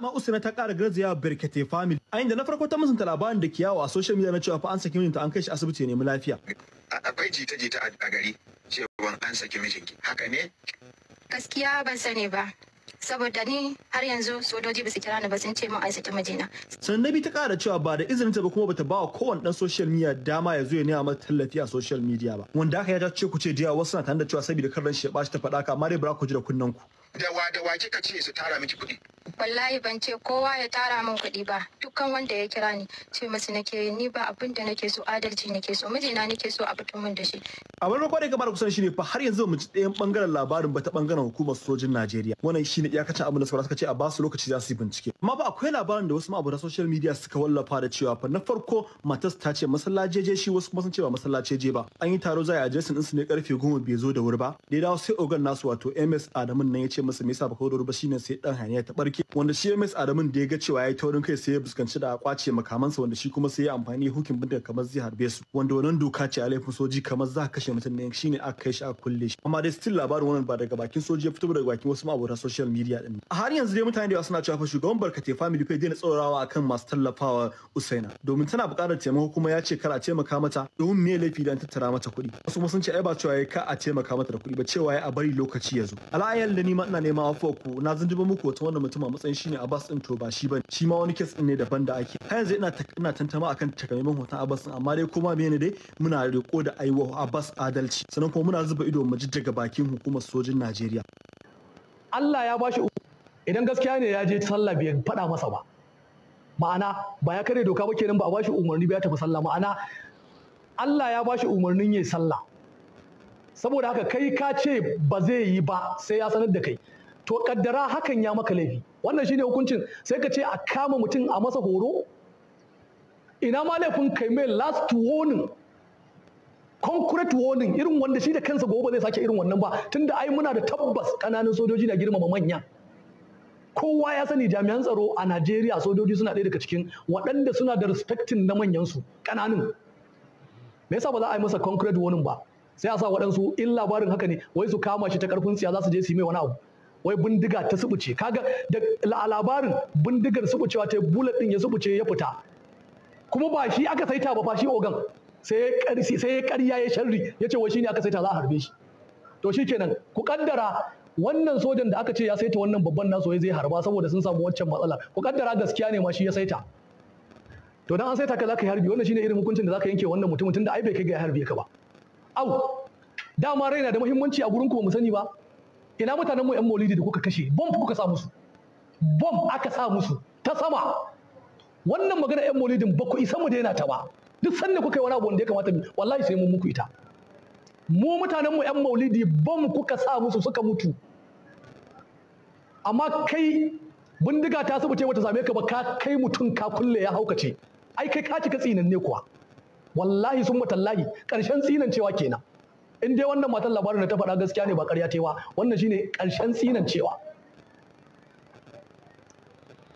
Malama Usaina ta kara garzayawa birkete family a inda na farko ta musanta labarin da kiyawa a social media na cewa fa an saki mijinta an kai shi asibiti ne mu lafiya. Akwai jita-jita a gari cewa an saki mijinki haka ne? Gaskiya ban sani ba. saboda ni har yanzu sojoji ba su kira ni ba sun ce mu an saki mijina. Sannabi ta kara cewa ba da izinin ta ba kuma bata wa kowane dan social media dama ya zo ya nema mata tallafi a social media ba. Wanda haka ya ta ce ku ce jiya wasu na tanda cewa saboda karran shi ya bashi ta faɗa ka amma dai ba ku jira da kunnen ku. Da wa da wa kika ce su tara miki kuɗi? wallahi ban ce kowa ya tara min kuɗi ba dukkan wanda ya kira ni ce masu nake ni ba abin da nake so adalci nake so mijina nake so a fito min da shi a wani farko da gabar kusan ne fa har yanzu mu ci ɗayan bangaren labarin ba ta bangaren hukumar sojin Najeriya wannan shi ne iyakacin abin da suka suka ce a basu lokaci za su yi bincike amma ba akwai labarin da wasu abu social media suka wallafa da cewa fa na farko matas ta ce masallajeje shi wasu kuma sun ce ba masallajeje ba an yi taro za a addressing din su ne karfe goma bai zo da wuri ba da ya sai ogan nasu wato MS Adamun nan ya ce masa me yasa ba ka zo da wuri ba shine sai dan hanya ta barke yake wanda shi ms adamin da ya ga cewa ya yi taurin kai sai ya fuskanci da kwace makamansa wanda shi kuma sai ya amfani hukin bindiga kamar zai harbe su wanda wannan doka ce a laifin soji kamar za kashe mutum ne ne aka kai shi a kulle shi amma dai still labarin wannan ba daga bakin soji ya fito daga bakin wasu ma'abota social media din a har yanzu dai mutane da yawa suna cewa shugaban barkate family fa daina tsorawa akan masu tallafawa usaina domin tana buƙatar taimako kuma ya ce kar a taimaka mata domin me laifi dan tattara mata kuɗi wasu kuma sun ce ai ba cewa ka a taimaka mata da kuɗi ba cewa ya a bari lokaci ya zo ala'ayyar da ni ma ina neman afuwa ku na zunjuba muku wata wannan mutum a matsayin shine Abbas din to ba shi bane shi ma wani kes din ne daban da ake har yanzu ina ina tantama akan takamaiman hoton Abbas din amma dai kuma ne dai muna riko da aiwa Abbas adalci sannan kuma muna zuba ido mu daga bakin hukumar sojin Najeriya Allah ya bashi idan gaskiya ne ya je sallah bai faɗa masa ba ma'ana ba ya kare doka ba kenan ba a bashi umarni ba ya tafi sallah ma'ana Allah ya bashi umarnin yayi sallah saboda haka kai ka ce ba zai yi ba sai ya sanar da kai to kaddara hakan ya maka laifi wannan shine hukuncin sai ka ce a kama mutum a masa horo ina ma laifin kai mai last warning concrete warning irin wanda shi da kansa gobe zai sake irin wannan ba tunda ai muna da tabbas kananan sojoji na girmama manya kowa ya sani jami'an tsaro a Najeriya sojoji suna ɗaya daga cikin waɗanda suna da respecting na manyansu kananun me yasa ba za a yi masa concrete warning ba sai a sa waɗansu in labarin haka ne wai su kama shi ta karfin tsiya za su je su yi mai wani abu wai bindiga ta subuce kaga da labarin bindigar subucewa ta bullet din ya subuce ya fita kuma ba shi aka saita ba ba shi ogan sai ya karya ya sharri ya ce wai shine aka saita za a harbe shi to shikenan ku kaddara wannan sojan da aka ce ya saita wannan babban naso zai harba saboda sun samu waccan matsala ku kaddara gaskiya ne ma shi ya saita to dan an saita ka zaka yi harbi wannan shine irin hukuncin da zaka yanke wannan mutumin tunda ai bai kai ga ya harbe ka ba au dama rai na da muhimmanci a gurin ku ba mu sani ba ina mutanen mu yan maulidi da kuka kashe bomb kuka sa musu bomb aka sa musu ta sama wannan magana yan maulidin ba ku isa mu daina ta ba duk sanda kuka yi wani abu wanda ya kamata mu wallahi sai mun muku ita mu mutanen mu yan maulidi bomb kuka sa musu suka mutu amma kai bindiga ta sabuce wata same ka ba ka kai mutum ka kulle ya haukace ai kai ka cika tsinanne kuwa wallahi sun matallahi ƙarshen tsinan cewa kenan in dai wannan matan labarin da ta faɗa gaskiya ne ba ƙarya ta ba wannan shine ƙarshen sinan cewa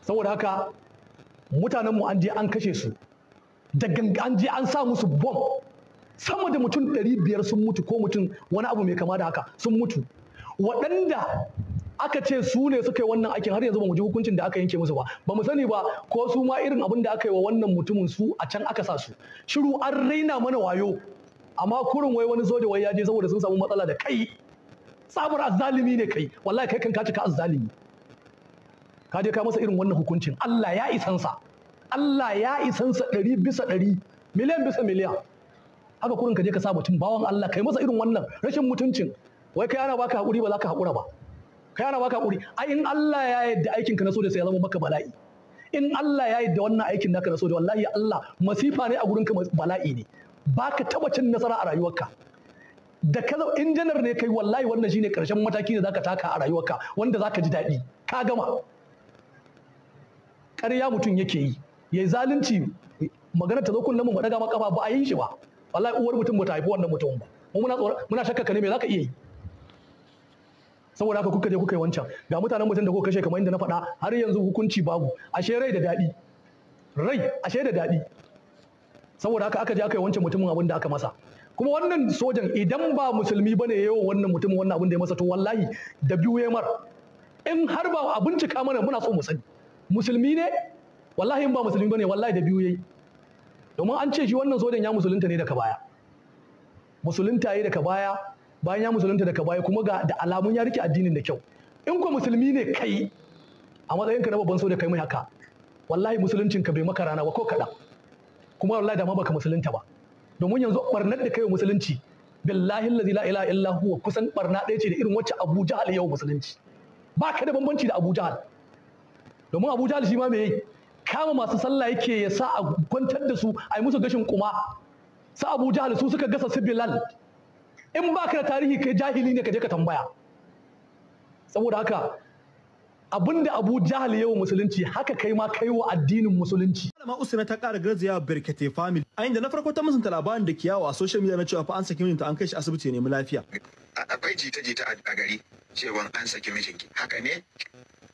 saboda haka mutanenmu mu an je an kashe su da an je an sa musu bom sama da mutum ɗari biyar sun mutu ko mutum wani abu mai kama da haka sun mutu waɗanda aka ce su ne suka yi wannan aikin har yanzu ba mu ji hukuncin da aka yanke musu ba ba mu sani ba ko su ma irin abin da aka yi wa wannan mutumin su a can aka sa su shiru an raina mana wayo amma kurin wai wani soja wai ya je saboda sun samu matsala da kai sabura zalimi ne kai wallahi kai kan ka azzalimi ka je ka masa irin wannan hukuncin Allah ya isansa Allah ya isansa ɗari bisa ɗari miliyan bisa miliyan haka kurin ka je ka sa mutum bawan Allah kai masa irin wannan rashin mutuncin wai kai ana baka haƙuri ba za ka haƙura ba kai ana baka haƙuri ai in Allah ya yadda aikin ka na soja sai ya zama maka bala'i in Allah ya yadda wannan aikin naka na soja wallahi Allah masifa ne a gurin ka bala'i ne Ba ka taɓa cin nasara a rayuwarka da ka in janar ne kai wallahi wannan shine karshen mataki da zaka taka a rayuwarka wanda zaka ji daɗi ka gama ƙarya mutum yake yi yayi zalunci magana ta zo kullum mu daga makafa ba a yi shi ba wallahi uwar mutum ba ta haifi wannan mutum ba muna muna shakka ka ne me zaka iya yi saboda haka kuka je kuka yi wancan ga mutanen mutum da kuka kashe kamar inda na faɗa har yanzu hukunci babu ashe rai da daɗi rai ashe da daɗi saboda haka aka je aka yi wancan mutumin abin da aka masa kuma wannan sojan idan ba musulmi bane yayo wannan mutumin wannan abin da ya masa to wallahi da biyu ya mar in har ba a bincika mana muna so mu sani musulmi ne wallahi in ba musulmi bane wallahi da biyu yayi domin an ce shi wannan sojan ya musulunta ne daga baya musulunta yayi daga baya bayan ya musulunta daga baya kuma ga da alamun ya rike addinin da kyau in ko musulmi ne kai a matsayinka na babban soja kai mai haka wallahi musuluncinka bai maka rana ba ko kaɗan kuma wallahi da ma baka musulunta ba domin yanzu barnar da kai musulunci billahi allazi la ilaha illa huwa kusan barna ɗaya ce da irin wacce Abu Jahal yau musulunci ba ka da bambanci da Abu Jahal domin Abu Jahal shi ma me kama masu sallah yake ya sa a kwantar da su a yi musu gashin kuma sa Abu Jahal su suka gasa su Bilal in baka da tarihi kai jahili ne ka je ka tambaya saboda haka abinda Abu Jahal yawa musulunci haka kai ma kai wa addinin musulunci malama Usaina ta ƙara garzayawa Birkete family a inda na farko ta musanta labarin da kiyawa a social media na cewa fa an saki mijinta an kai shi asibiti ne mu lafiya akwai jita-jita a gari cewa an saki mijinki haka ne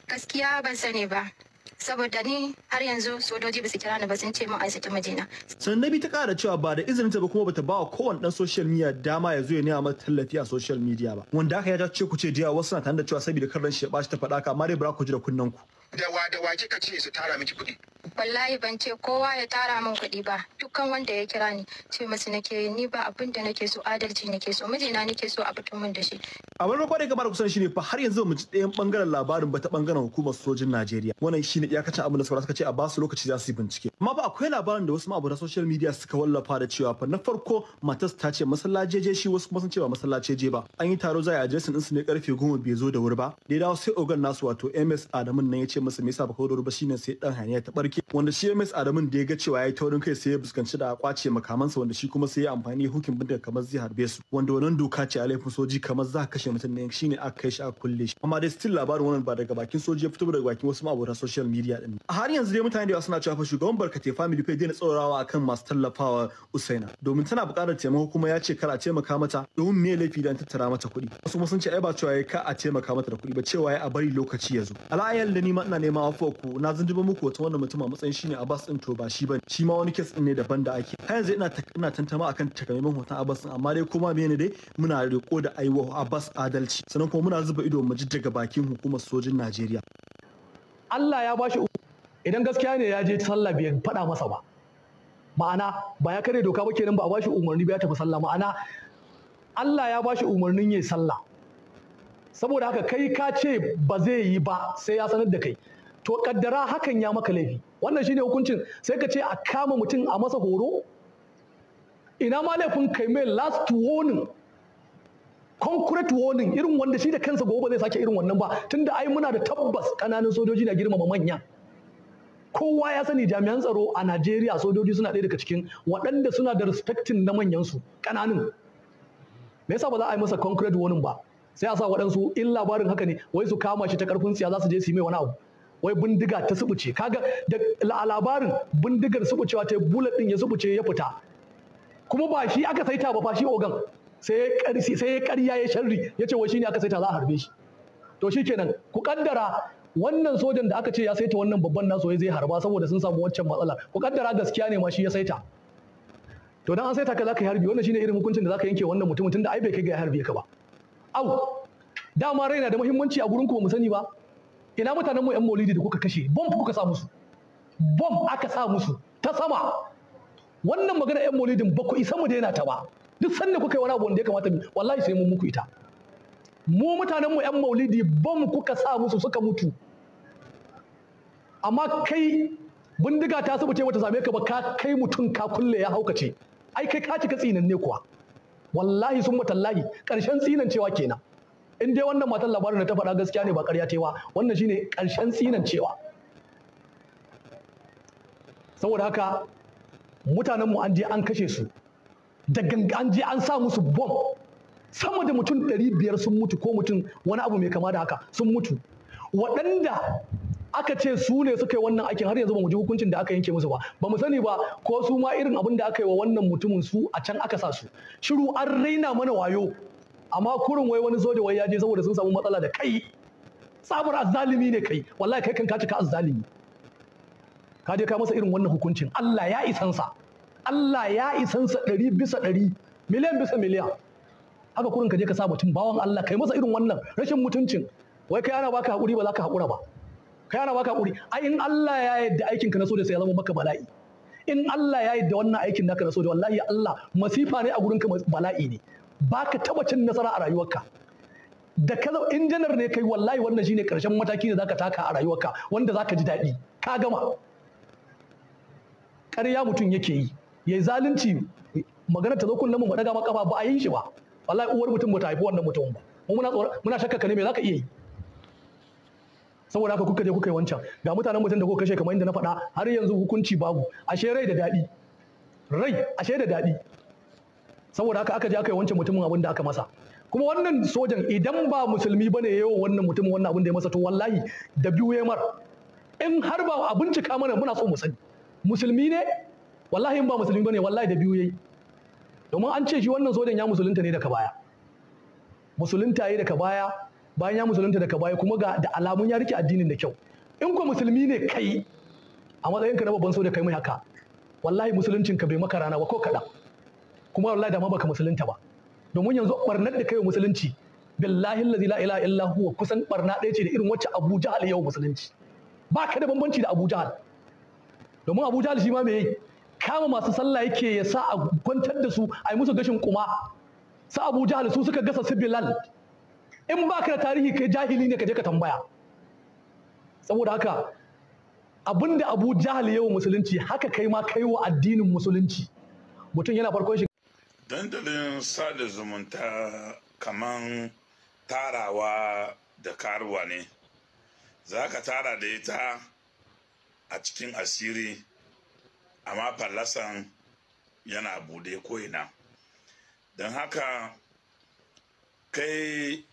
gaskiya ban sani ba saboda ni har yanzu sojoji ba su kira ni ba sun ce mu ai saki mijina. sannan bi ta kara cewa ba da izinin ta ba kuma bata ba wa kowane dan social media dama ya zo ya nema mata tallafi a social media ba wanda aka ya ce ku ce jiya wasu na tare da cewa saboda karran shi ya bashi ta faɗa ka amma dai ku ji da kunnen ku. da wa da wa kika ce su tara miki kuɗi wallahi ban ce kowa ya tara min kuɗi ba dukkan wanda ya kira ni ce masu nake ni ba abin da nake so adalci nake so mijina nake so a fito min da shi a farko da kamar kusan shine fa har yanzu mu ci ɗayan bangaren labarin ba ta bangaren hukumar sojin Najeriya wannan shine iyakacin abin da saura suka ce a basu lokaci za su bincike amma ba akwai labarin da wasu ma'aburan social media suka wallafa da cewa fa na farko matas ta ce masallaceje shi wasu kuma sun ce ba masallaceje ba an yi taro za a adresin su ne karfe goma bai zo da wuri ba da ya dawo sai ogan nasu wato MS adamu nan ya ce masa me yasa ba ka da wuri ba shine sai dan hanya ta barke yake wanda shi ms adamun da ya ga cewa ya yi taurin kai sai ya fuskanci da kwace makamansa wanda shi kuma sai ya amfani hukin bindiga kamar zai harbe su wanda wannan doka ce a laifin soji kamar za ka kashe mutum ne shine aka kai shi a kulle shi amma dai still labarin wannan ba daga bakin soji ya fito daga bakin wasu ma'abota social media din a har yanzu dai mutane da yawa suna cewa fa shugaban barkate family pay daina tsorawa akan masu tallafawa usaina domin tana buƙatar taimako kuma ya ce kar a taimaka mata domin me laifi dan tattara mata kuɗi wasu kuma sun ce ai ba cewa ya ka a taimaka mata da kuɗi ba cewa ya a bari lokaci ya zo ala'ayyar da ni ma ina neman afuwa ku na zunduba muku wata wannan mutum mutum a matsayin shine Abbas din to ba shi bane shi ma wani kes din ne daban da ake har yanzu ina ina tantama akan takamaiman hoton Abbas din amma dai kuma me ne dai muna riko da aiwa Abbas adalci sannan kuma muna zuba ido mu daga bakin hukumar sojin Najeriya Allah ya bashi idan gaskiya ne ya je sallah bai faɗa masa ba ma'ana ba ya kare doka ba kenan ba a bashi umarni ba ya tafi sallah ma'ana Allah ya bashi umarnin yayi sallah saboda haka kai ka ce ba zai yi ba sai ya sanar da kai to kaddara hakan ya maka laifi wannan shine hukuncin sai ka ce a kama mutum a masa horo ina ma laifin kai mai last warning concrete warning irin wanda shi da kansa gobe zai sake irin wannan ba tunda ai muna da tabbas kananan sojoji na girmama manya kowa ya sani jami'an tsaro a Najeriya sojoji suna ɗaya daga cikin waɗanda suna da respecting na manyansu kananun me yasa ba za a yi masa concrete warning ba sai a sa waɗansu in labarin haka ne wai su kama shi ta karfin tsiya za su je su yi mai wani abu wai bindiga ta subuce kaga da labarin bindigar subucewa ta bullet din ya subuce ya fita kuma ba shi aka saita ba ba shi ogan sai karsi sai ya karya ya sharri ya ce wai shine aka saita za a harbe shi to shikenan ku kaddara wannan sojan da aka ce ya saita wannan babban naso zai harba saboda sun samu wancan matsala ku kaddara gaskiya ne ma shi ya saita to dan an saita ka zaka yi harbi wannan shine irin hukuncin da zaka yanke wannan mutumin tunda ai bai kai ga harbe ka ba au dama rai na da muhimmanci a gurin ku ba mu sani ba ina mutanen mu yan maulidi da kuka kashe bomb kuka sa musu bomb aka sa musu ta sama wannan magana yan maulidin ba ku isa mu daina ta ba duk sanda kuka yi wani abu wanda ya kamata mu wallahi sai mu muku ita mu mutanen mu yan maulidi bomb kuka sa musu suka mutu amma kai bindiga ta sabuce wata same ka ba ka kai mutum ka kulle ya haukace ai kai ka cika tsinan ne kuwa wallahi sun matallahi ƙarshen tsinan cewa kenan in dai wannan matan labarin da ta faɗa gaskiya ne ba ƙarya ta ba wannan shine ƙarshen sinan cewa saboda haka mutanenmu an je an kashe su da an je an sa musu bom sama da mutum ɗari biyar sun mutu ko mutum wani abu mai kama da haka sun mutu waɗanda aka ce su ne suka yi wannan aikin har yanzu ba mu ji hukuncin da aka yanke musu ba ba mu sani ba ko su ma irin abin da aka yi wa wannan mutumin su a can aka sa su shiru an raina mana wayo amma kurin wai wani zo da wai ya je saboda sun samu matsala da kai sabar azzalimi ne kai wallahi kai kan ka cika azzalimi ka je ka masa irin wannan hukuncin Allah ya isansa Allah ya isansa ɗari bisa ɗari miliyan bisa miliyan haka kurin ka je ka sa mutum bawan Allah kai masa irin wannan rashin mutuncin wai kai ana baka haƙuri ba za ka haƙura ba kai ana baka haƙuri ai in Allah ya yadda aikin ka na so da sai ya zama maka bala'i in Allah ya yadda wannan aikin naka na so da wallahi Allah masifa ne a gurin ka bala'i ne Ba ka taba cin nasara a rayuwarka da ka in janar ne kai wallahi wannan shine karshen mataki da zaka taka a rayuwarka wanda zaka ji daɗi ka gama ƙarya mutum yake yi yayi zalunci magana ta zo kullum mu daga maka ba a yi shi ba wallahi uwar mutum ba ta haifi wannan mutum ba mu muna tsoro muna shakka ne me zaka iya yi saboda haka kuka je kuka yi wancan ga mutanen mutum da kuka kashe kamar inda na faɗa har yanzu hukunci babu ashe rai da daɗi rai ashe da daɗi saboda haka aka je aka yi wancan mutumin abin da aka masa kuma wannan sojan idan ba musulmi bane yayin wannan mutumin wannan abin da ya masa to wallahi da biyu ya mar in har ba a bincika mana muna so mu sani musulmi ne wallahi in ba musulmi bane wallahi da biyu ya yi. domin an ce shi wannan sojan ya musulunta ne daga baya musulunta ya yi daga baya bayan ya musulunta daga baya kuma ga da alamun ya rike addinin da kyau in ko musulmi ne kai a matsayinka na babban soja kai mai haka wallahi musuluncinka bai maka rana ba ko kaɗan kuma wallahi da ma baka musulunta ba domin yanzu barnar da kai musulunci billahi allazi la ilaha illa huwa kusan barna ɗaya ce da irin wacce Abu Jahal yau musulunci ba ka da bambanci da Abu Jahal domin Abu Jahal shi ma me kama masu sallah yake ya sa a kwantar da su a yi musu gashin kuma sa Abu Jahal su suka gasa su Bilal in ba ka da tarihi kai jahili ne ka je ka tambaya saboda haka abinda Abu Jahal yau musulunci haka kai ma kai wa addinin musulunci mutum yana farkon dandalin sada zumunta kaman tarawa da karuwa ne za ka tara da ita a cikin asiri amma fallasan yana bude ko'ina don haka kai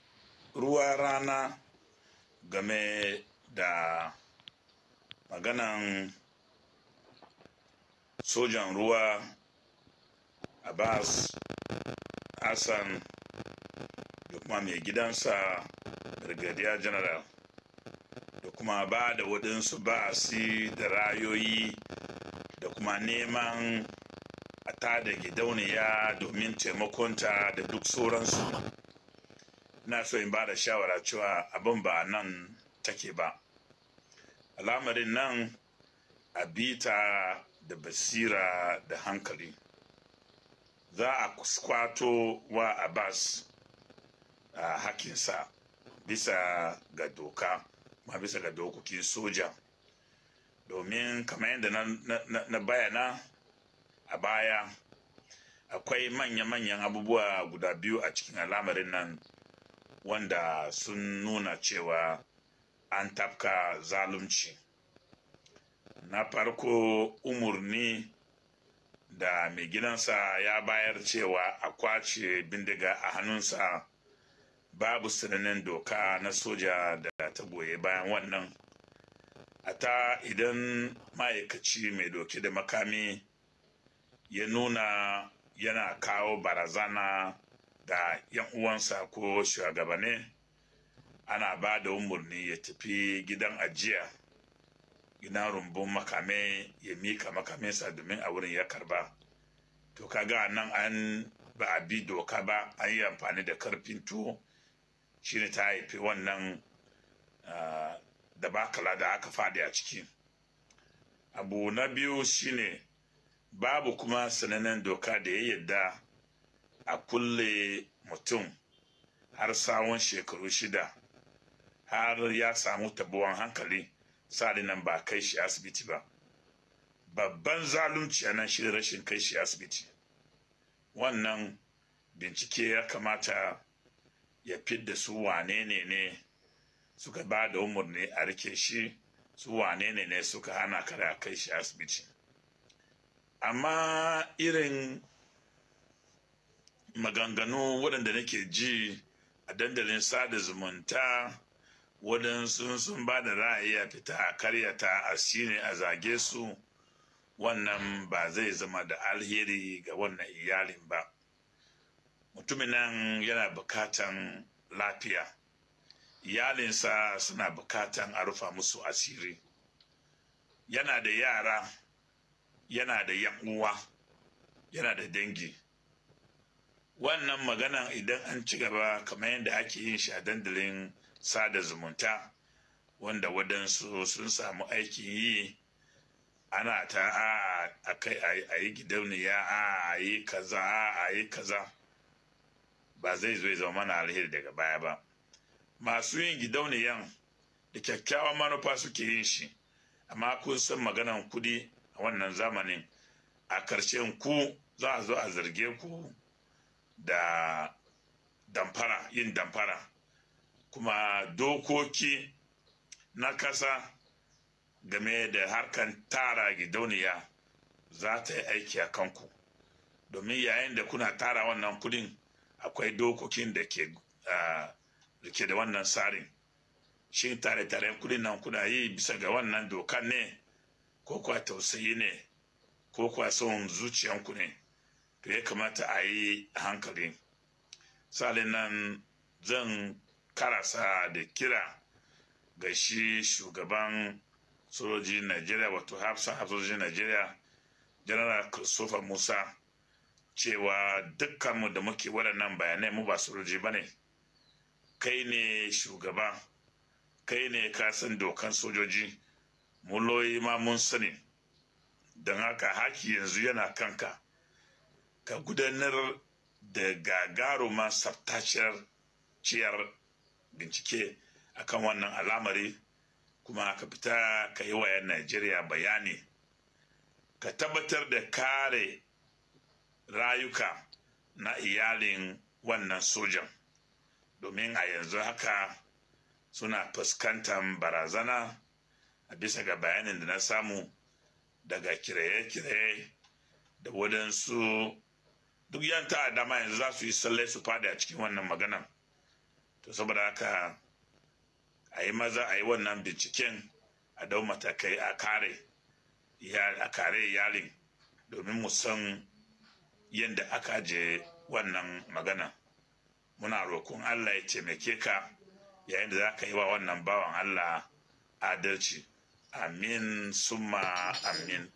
ruwa rana game da maganan sojan ruwa abbas hassan da kuma mai gidansa brigadier general da kuma ba da waɗansu ba'asi da rayoyi da kuma neman a da gidauniya domin taimakonta da duk sauransu na so in ba da shawara cewa abin ba nan take ba al'amarin nan a bita da basira da hankali za a kwato wa abbas a hakinsa bisa ga doka ma bisa ga dokokin soja domin kamar yadda na, bayana a baya akwai manya-manyan abubuwa guda biyu a cikin al'amarin nan wanda sun nuna cewa an tafka zalunci na farko umurni da mai gidansa ya bayar cewa a kwace bindiga a hannunsa babu sananin doka na soja da ta goye bayan wannan a ta idan ma'aikaci mai doke da makami ya nuna yana kawo barazana da 'yan uwansa ko shugabane ana ba da umarni ya tafi gidan ajiya ina rumbun makame ya mika makaminsa domin a wurin ya karba to kaga nan an ba a bi doka ba an yi amfani da karfin tuwo shine ta haifi wannan ah, da bakala da aka faɗi a ciki abu na biyu shine babu kuma sanannen doka da ya yadda a kulle mutum har sawon shekaru shida har ya samu tabuwan hankali sa'adin nan ba kai shi asibiti ba babban zalunci a nan shi rashin kai shi asibiti wannan bincike ya kamata ya fidda su wane ne ne suka ba da umarni a rike shi su wane ne ne suka hana kare a kai shi asibiti amma irin maganganu waɗanda nake ji a dandalin sada zumunta waɗansu sun ba da ra'ayi a fita a karyata a shine a zage su wannan ba zai zama da alheri ga wannan iyalin ba mutumin nan yana bukatan lafiya iyalinsa suna bukatan a rufa musu asiri yana da yara yana da yan yana da dangi wannan magana idan an ci gaba kamar yadda ake yin shi a dandalin sada zumunta wanda wadansu sun samu aikin yi ana ta a kai a yi gidauniya a yi kaza a yi kaza ba zai zo zama mana alheri daga baya ba masu yin gidauniyan da kyakkyawan manufa suke yin shi amma kun san maganan kudi a wannan zamanin a ƙarshen ku za a zo a zarge ku da damfara yin damfara kuma dokoki na kasa game da harkan tara gidauniya za ta yi aiki a kanku domin yayin da kuna tara wannan kudin akwai dokokin da ke da da wannan tsarin shi tare tare kudin nan kuna yi bisa ga wannan dokan ne ko kuwa tausayi ne ko kuwa son zuciyanku ne to ya kamata a yi hankali salin nan zan karasa da kira ga shi shugaban sojojin najeriya wato hafsan sojojin najeriya general christopher musa cewa dukkanmu da muke waɗannan bayanai mu ba sojoji ba ne kai ne shugaba kai ne ka dokan sojoji muloyi ma mun sani don haka haki yanzu yana kanka ka gudanar da gagaruma sabtaciyar ciyar bincike a kan wannan al'amari kuma ka fita ka yi wa 'yan najeriya bayani ka tabbatar da kare rayuka na iyalin wannan sojan domin a yanzu haka suna fuskantar barazana a bisa ga bayanin da na samu daga kiraye-kiraye da wadansu duk yan ta'adama yanzu za su yi sallai su fada a cikin wannan maganan to saboda haka a yi maza a yi wannan binciken a dau matakai a kare a kare domin mu san yadda aka je wannan magana muna roƙon allah ya taimake ka yayin da za ka yi wa wannan bawan allah adalci amin summa amin